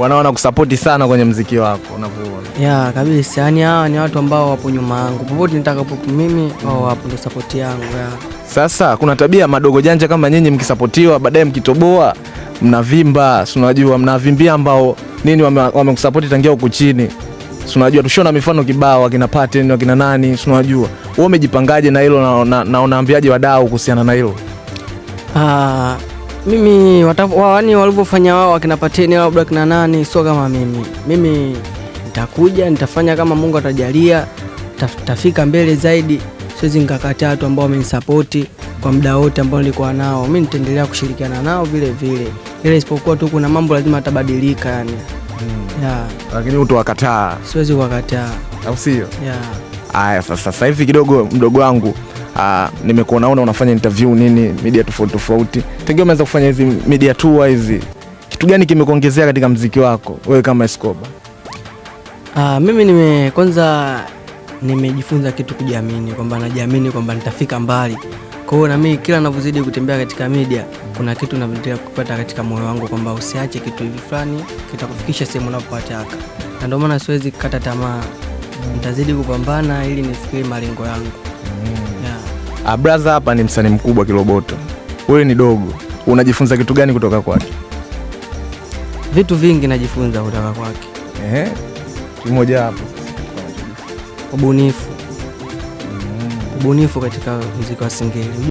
wanaona kusapoti sana kwenye mziki wako unavyoona. Yeah, kabisa. Yaani hawa ni watu ambao wapo nyuma yangu popote nitakapo mimi, wao wapo ndo sapoti yangu ya Sasa kuna tabia madogo janja kama nyinyi mkisapotiwa, baadaye mkitoboa mnavimba, si unajua mnavimbia ambao nini wamekusapoti wame tangia huku chini si unajua, tushona mifano kibao akina Paten akina nani, si unajua wewe umejipangaje na hilo na, na, na unaambiaje wadau kuhusiana na hilo? Ah, mimi yaani walivyofanya wao wakinapatia Pateni labda kina nani, sio kama mimi. Mimi nitakuja nitafanya kama Mungu atajalia, tafika mbele zaidi. Siwezi nkakataa watu ambao wamenisapoti kwa muda wote ambao nilikuwa nao. Mimi nitaendelea kushirikiana nao vile vile, ila isipokuwa tu kuna mambo lazima atabadilika yani. Hmm. Yeah. Lakini utawakataa? Siwezi kuwakataa, au sio? Yeah. Aya, sasa hivi kidogo mdogo wangu uh, ah, nimekuwa naona unafanya interview nini media tofauti tofauti, tengea umeanza kufanya hizi media tour hizi, kitu gani kimekuongezea katika mziki wako wewe kama Escoba? Uh, ah, mimi nime kwanza nimejifunza kitu kujiamini, kwamba najiamini kwamba nitafika mbali. Kwa hiyo na mimi kila ninavyozidi kutembea katika media, kuna kitu ninaendelea kupata katika moyo wangu kwamba usiache kitu hivi fulani kitakufikisha sehemu unapotaka, na ndio maana siwezi kukata tamaa, nitazidi kupambana ili nifikie malengo yangu. Abraza ah, hapa ni msanii mkubwa kiloboto wewe ni dogo, unajifunza kitu gani kutoka kwake? Vitu vingi najifunza kutoka kwake. Ehe, kimoja hapo, ubunifu. Ubunifu katika muziki wa singeli.